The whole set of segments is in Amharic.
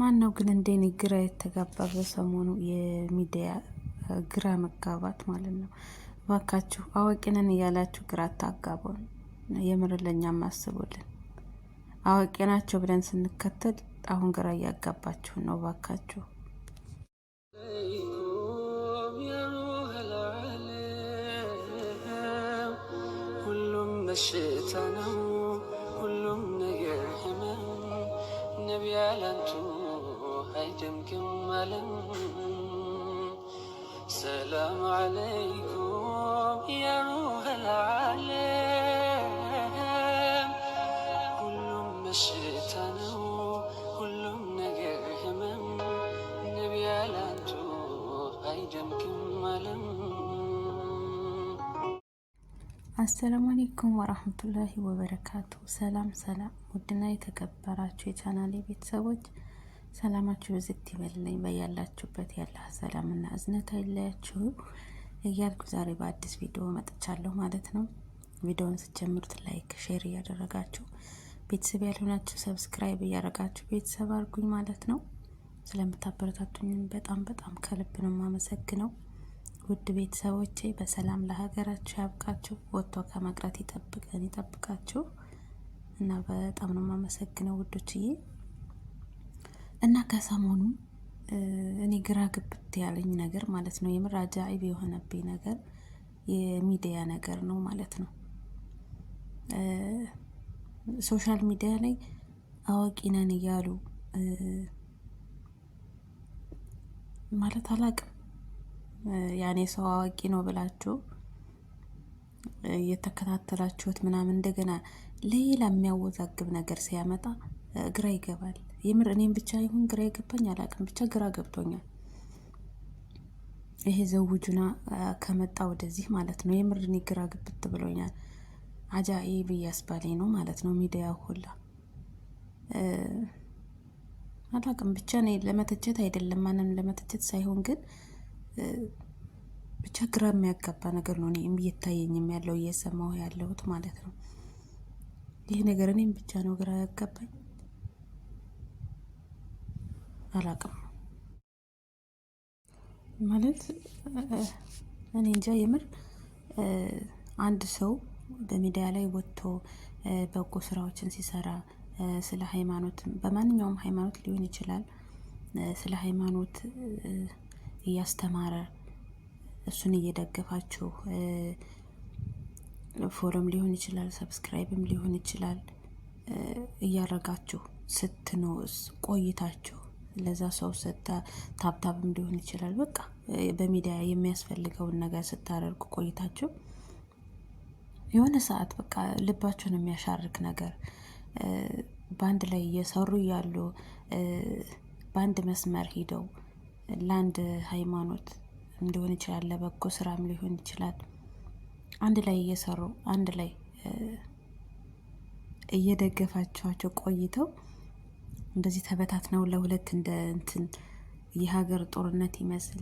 ማን ነው ግን እንደኔ ግራ የተጋባ በሰሞኑ የሚዲያ ግራ መጋባት ማለት ነው። ባካችሁ አዋቂነን እያላችሁ ግራ ታጋቡን። የምር ለእኛም አስቡልን። አዋቂ ናቸው ብለን ስንከተል አሁን ግራ እያጋባችሁ ነው። ባካችሁ ሁሉም በሽታ ነው። ሁሉም ነገር ህመም ነቢያላንቱ አይደምቅም አለም። ሰላም አለይኩም ያ ሩህል ሁሉም በሽታ ነው፣ ሁሉም ነገር ህመም። ነቢ ያላንቱ አይደምቅም አሰላሙ አሌይኩም ወራህመቱላሂ ወበረካቱ። ሰላም ሰላም! ውድና የተከበራችሁ የቻናሌ ቤተሰቦች ሰላማችሁ ብዝት ይበልልኝ። በያላችሁበት ያለ ሰላምና እዝነት አይለያችሁ እያልኩ ዛሬ በአዲስ ቪዲዮ መጥቻለሁ ማለት ነው። ቪዲዮውን ስጀምሩት ላይክ፣ ሼር እያደረጋችሁ ቤተሰብ ያልሆናችሁ ሰብስክራይብ እያደረጋችሁ ቤተሰብ አድርጉኝ ማለት ነው። ስለምታበረታቱኝም በጣም በጣም ከልብ ነው የማመሰግነው። ውድ ቤተሰቦቼ በሰላም ለሀገራችሁ ያብቃችሁ፣ ወጥቶ ከመቅረት ይጠብቀን ይጠብቃችሁ እና በጣም ነው የማመሰግነው ውዶችዬ። እና ከሰሞኑ እኔ ግራ ግብት ያለኝ ነገር ማለት ነው የመራጃ አጃኢብ የሆነብኝ ነገር የሚዲያ ነገር ነው ማለት ነው። ሶሻል ሚዲያ ላይ አዋቂ ነን እያሉ ማለት አላቅም ያኔ ሰው አዋቂ ነው ብላችሁ የተከታተላችሁት ምናምን እንደገና ሌላ የሚያወዛግብ ነገር ሲያመጣ ግራ ይገባል። የምር እኔም ብቻ ይሁን ግራ የገባኝ አላውቅም፣ ብቻ ግራ ገብቶኛል። ይሄ ዘውጁና ከመጣ ወደዚህ ማለት ነው። የምር እኔ ግራ ግብት ብሎኛል። አጃኢብ ብያስባሌ ነው ማለት ነው። ሚዲያ ሁላ አላውቅም፣ ብቻ እኔ ለመተቸት አይደለም ማንም ለመተቸት ሳይሆን ግን ብቻ ግራ የሚያጋባ ነገር ነው። እኔም እየታየኝም ያለው እየሰማሁ ያለሁት ማለት ነው። ይህ ነገር እኔም ብቻ ነው ግራ ያጋባኝ። አላቅም ማለት እኔ እንጃ የምር አንድ ሰው በሚዲያ ላይ ወጥቶ በጎ ስራዎችን ሲሰራ ስለ ሃይማኖት በማንኛውም ሃይማኖት ሊሆን ይችላል ስለ ሃይማኖት እያስተማረ እሱን እየደገፋችሁ ፎሎም ሊሆን ይችላል ሰብስክራይብም ሊሆን ይችላል እያረጋችሁ ስትኖስ ቆይታችሁ ለዛ ሰው ሰተ ታብታብም ሊሆን ይችላል። በቃ በሚዲያ የሚያስፈልገውን ነገር ስታደርጉ ቆይታችሁ የሆነ ሰዓት በቃ ልባችሁን የሚያሻርክ ነገር በአንድ ላይ እየሰሩ ያሉ በአንድ መስመር ሂደው ለአንድ ሃይማኖት ሊሆን ይችላል፣ ለበጎ ስራም ሊሆን ይችላል። አንድ ላይ እየሰሩ አንድ ላይ እየደገፋችኋቸው ቆይተው እንደዚህ ተበታትነው ለሁለት እንደ እንትን የሀገር ጦርነት ይመስል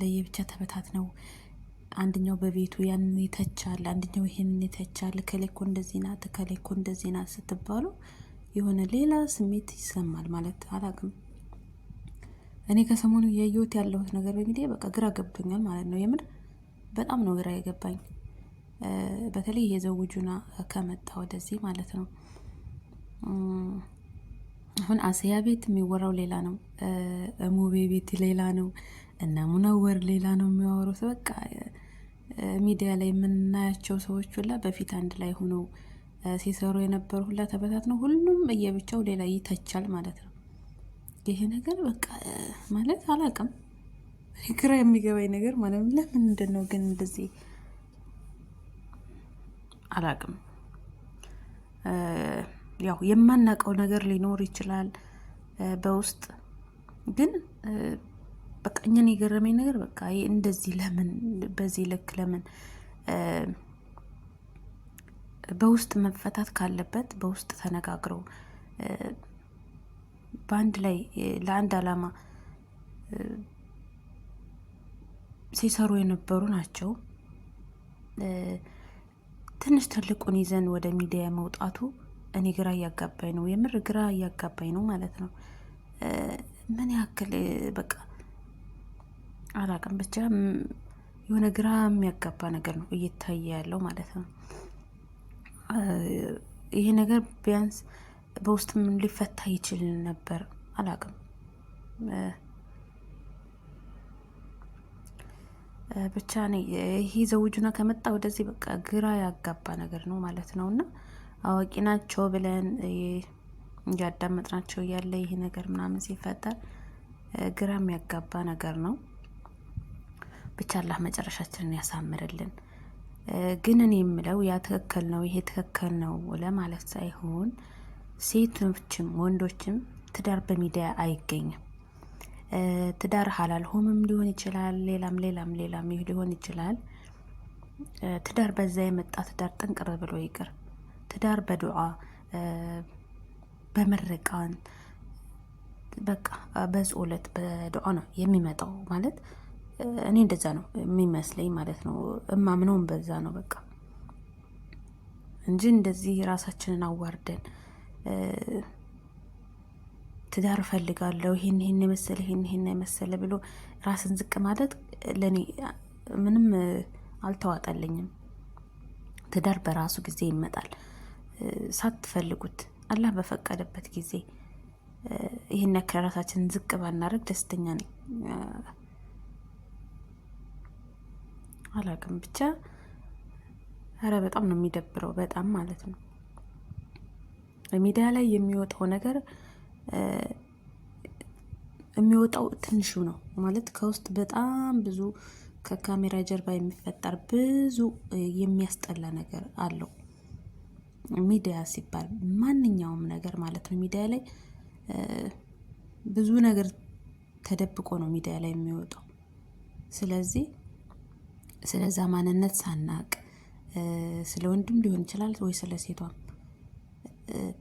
ለየብቻ ተበታትነው አንድኛው በቤቱ ያንን ይተቻል፣ አንድኛው ይሄንን ይተቻል። ከሌኮ እንደዚህ ናት፣ ከሌኮ እንደዚህ ናት ስትባሉ የሆነ ሌላ ስሜት ይሰማል ማለት አላቅም። እኔ ከሰሞኑ የየወት ያለሁት ነገር በሚዲያ በቃ ግራ ገብቶኛል ማለት ነው። የምር በጣም ነው ግራ የገባኝ። በተለይ የዘውጁና ከመጣ ወደዚህ ማለት ነው አሁን አስያ ቤት የሚወራው ሌላ ነው፣ ሙቤ ቤት ሌላ ነው፣ እነ ሙነወር ሌላ ነው የሚያወሩት። በቃ ሚዲያ ላይ የምናያቸው ሰዎች ሁላ በፊት አንድ ላይ ሆነው ሲሰሩ የነበሩ ሁላ ተበታት ነው። ሁሉም እየብቻው ሌላ ይተቻል ማለት ነው። ይሄ ነገር በቃ ማለት አላቅም፣ ግራ የሚገባኝ ነገር ማለት ለምንድን ነው ግን እንደዚህ አላቅም። ያው የማናውቀው ነገር ሊኖር ይችላል በውስጥ ግን በቃ እኛን የገረመኝ ነገር በቃ እንደዚህ ለምን በዚህ ልክ ለምን በውስጥ መፈታት ካለበት በውስጥ ተነጋግረው በአንድ ላይ ለአንድ አላማ ሲሰሩ የነበሩ ናቸው። ትንሽ ትልቁን ይዘን ወደ ሚዲያ መውጣቱ እኔ ግራ እያጋባኝ ነው፣ የምር ግራ እያጋባኝ ነው ማለት ነው። ምን ያክል በቃ አላቅም፣ ብቻ የሆነ ግራ የሚያጋባ ነገር ነው እየታየ ያለው ማለት ነው። ይሄ ነገር ቢያንስ በውስጥም ሊፈታ ይችል ነበር አላቅም። ብቻ ይሄ ዘውጁና ከመጣ ወደዚህ በቃ ግራ ያጋባ ነገር ነው ማለት ነው እና አዋቂ ናቸው ብለን እያዳመጥናቸው እያለ ይሄ ነገር ምናምን ሲፈጠር ግራ የሚያጋባ ነገር ነው። ብቻ አላህ መጨረሻችንን ያሳምርልን። ግን እኔ የምለው ያ ትክክል ነው ይሄ ትክክል ነው ለማለት ሳይሆን ሴቶችም ወንዶችም ትዳር በሚዲያ አይገኝም። ትዳር ሀላል ሆምም ሊሆን ይችላል፣ ሌላም ሌላም ሌላም ሊሆን ይችላል። ትዳር በዛ የመጣ ትዳር ጥንቅር ብሎ ይቅር። ትዳር በዱዓ በመረቃን በቃ በጸሎት በዱዓ ነው የሚመጣው። ማለት እኔ እንደዛ ነው የሚመስለኝ ማለት ነው። እማምነውን በዛ ነው በቃ እንጂ እንደዚህ ራሳችንን አዋርደን ትዳር እፈልጋለሁ ይህን ይህን የመሰለ ይህን ይህን የመሰለ ብሎ ራስን ዝቅ ማለት ለእኔ ምንም አልተዋጠልኝም። ትዳር በራሱ ጊዜ ይመጣል። ሳትፈልጉት አላህ በፈቀደበት ጊዜ ይህን ያክል ራሳችንን ዝቅ ባናደርግ ደስተኛ ነኝ። አላቅም ብቻ ኧረ በጣም ነው የሚደብረው፣ በጣም ማለት ነው። በሚዲያ ላይ የሚወጣው ነገር የሚወጣው ትንሹ ነው ማለት ከውስጥ በጣም ብዙ ከካሜራ ጀርባ የሚፈጠር ብዙ የሚያስጠላ ነገር አለው። ሚዲያ ሲባል ማንኛውም ነገር ማለት ነው። ሚዲያ ላይ ብዙ ነገር ተደብቆ ነው ሚዲያ ላይ የሚወጣው። ስለዚህ ስለዛ ማንነት ሳናቅ ስለ ወንድም ሊሆን ይችላል ወይ ስለ ሴቷም።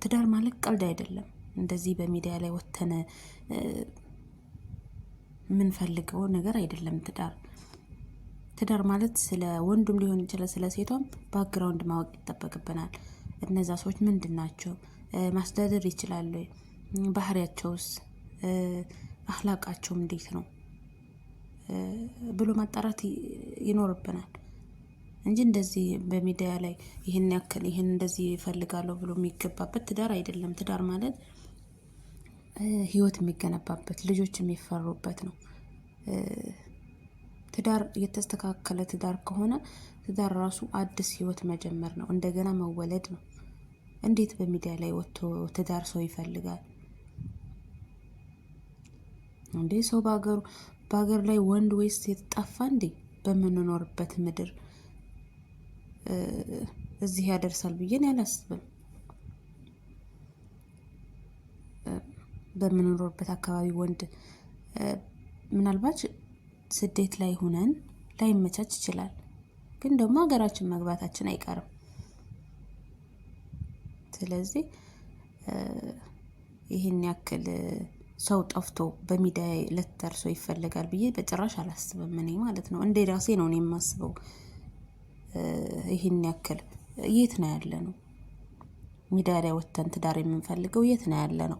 ትዳር ማለት ቀልድ አይደለም። እንደዚህ በሚዲያ ላይ ወተነ የምንፈልገው ነገር አይደለም። ትዳር ትዳር ማለት ስለ ወንዱም ሊሆን ይችላል ስለ ሴቷም ባክግራውንድ ማወቅ ይጠበቅብናል። እነዛ ሰዎች ምንድን ናቸው? ማስተዳደር ይችላሉ? ባህሪያቸውስ፣ አህላቃቸው እንዴት ነው ብሎ ማጣራት ይኖርብናል እንጂ እንደዚህ በሚዲያ ላይ ይህን ያክል ይህን እንደዚህ ይፈልጋለሁ ብሎ የሚገባበት ትዳር አይደለም። ትዳር ማለት ህይወት የሚገነባበት ልጆች የሚፈሩበት ነው። ትዳር የተስተካከለ ትዳር ከሆነ ትዳር ራሱ አዲስ ህይወት መጀመር ነው፣ እንደገና መወለድ ነው። እንዴት በሚዲያ ላይ ወጥቶ ትዳር ሰው ይፈልጋል እንዴ? ሰው በአገሩ በሀገር ላይ ወንድ ወይስ የተጠፋ እንዴ? በምንኖርበት ምድር እዚህ ያደርሳል ብዬን ያላስብም። በምንኖርበት አካባቢ ወንድ ምናልባት ስደት ላይ ሆነን ላይመቻች ይችላል፣ ግን ደግሞ ሀገራችን መግባታችን አይቀርም። ስለዚህ ይህን ያክል ሰው ጠፍቶ በሚዲያ ዕለት ተርሶ ይፈለጋል ብዬ በጭራሽ አላስብም። እኔ ማለት ነው እንደ ራሴ ነው እኔ የማስበው። ይህን ያክል የት ነው ያለ ነው? ሚዲያ ላይ ወጥተን ትዳር የምንፈልገው የት ነው ያለ ነው?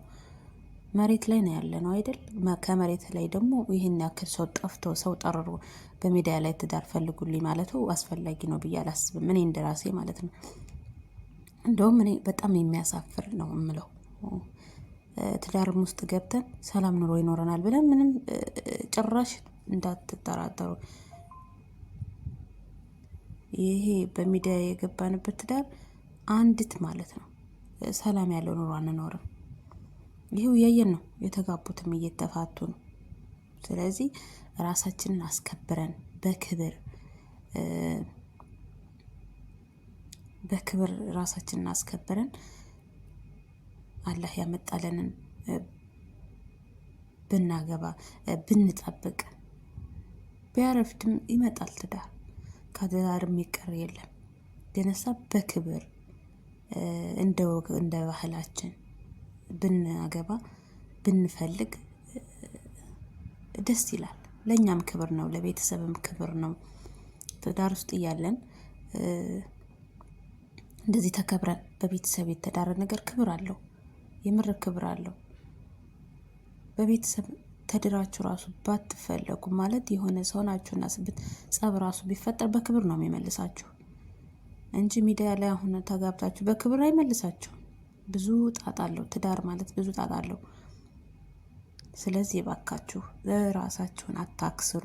መሬት ላይ ነው ያለ ነው አይደል? ከመሬት ላይ ደግሞ ይህን ያክል ሰው ጠፍቶ ሰው ጠርሮ በሚዲያ ላይ ትዳር ፈልጉልኝ ማለቱ አስፈላጊ ነው ብዬ አላስብም። እኔ እንደ ራሴ ማለት ነው። እንደውም እኔ በጣም የሚያሳፍር ነው የምለው። ትዳርም ውስጥ ገብተን ሰላም ኑሮ ይኖረናል ብለን ምንም ጭራሽ እንዳትጠራጠሩ። ይሄ በሚዲያ የገባንበት ትዳር አንዲት ማለት ነው ሰላም ያለው ኑሮ አንኖርም። ይሄው እያየን ነው፣ የተጋቡትም እየተፋቱ ነው። ስለዚህ ራሳችንን አስከብረን በክብር በክብር ራሳችንን አስከብረን አላህ ያመጣለንን ብናገባ ብንጠብቅ ቢያረፍድም ይመጣል ትዳር። ከትዳር የሚቀር የለም። ደነሳ በክብር እንደ ወግ እንደ ባህላችን ብናገባ ብንፈልግ ደስ ይላል። ለእኛም ክብር ነው፣ ለቤተሰብም ክብር ነው። ትዳር ውስጥ እያለን እንደዚህ ተከብረን በቤተሰብ የተዳረ ነገር ክብር አለው፣ የምር ክብር አለው። በቤተሰብ ተድራችሁ ራሱ ባትፈለጉ ማለት የሆነ ሰው ናችሁና ስብት ጸብ ራሱ ቢፈጠር በክብር ነው የሚመልሳችሁ እንጂ ሚዲያ ላይ አሁን ተጋብታችሁ በክብር አይመልሳችሁ። ብዙ ጣጣ አለው ትዳር ማለት ብዙ ጣጣ አለው። ስለዚህ የባካችሁ ራሳችሁን አታክስሩ፣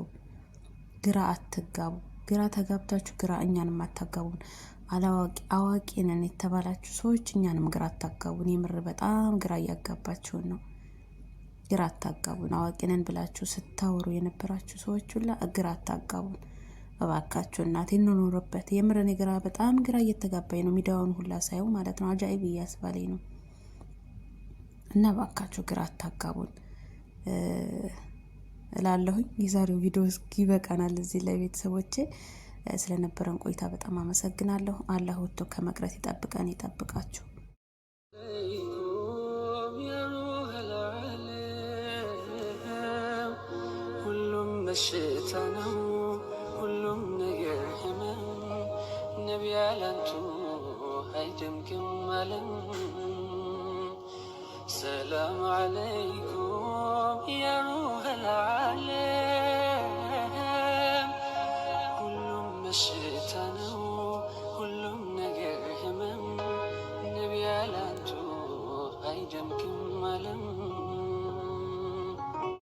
ግራ አትጋቡ። ግራ ተጋብታችሁ ግራ እኛንም አታጋቡን። አላዋቂ አዋቂ ነን የተባላችሁ ሰዎች እኛንም ግራ አታጋቡን። የምር በጣም ግራ እያጋባችሁን ነው። ግራ አታጋቡን። አዋቂ ነን ብላችሁ ስታወሩ የነበራችሁ ሰዎች ሁላ ግራ አታጋቡን እባካችሁ እናቴ እንኖርበት። የምር እኔ ግራ በጣም ግራ እየተጋባኝ ነው። ሚዲያውን ሁላ ሳይው ማለት ነው አጃኢብ እያስባለኝ ነው። እና እባካችሁ ግራ አታጋቡን እላለሁኝ። የዛሬው ቪዲዮ እስኪ ይበቃናል እዚህ ላይ ቤተሰቦቼ ስለነበረን ቆይታ በጣም አመሰግናለሁ። አላህ ወጥቶ ከመቅረት ይጠብቀን ይጠብቃችሁ። ሁሉም በሽታ ነው፣ ሁሉም ነገር ህመም። ነቢይ ያላንቱ አይደምቅም አለም። ሰላም አለይኩም ያ ሩህ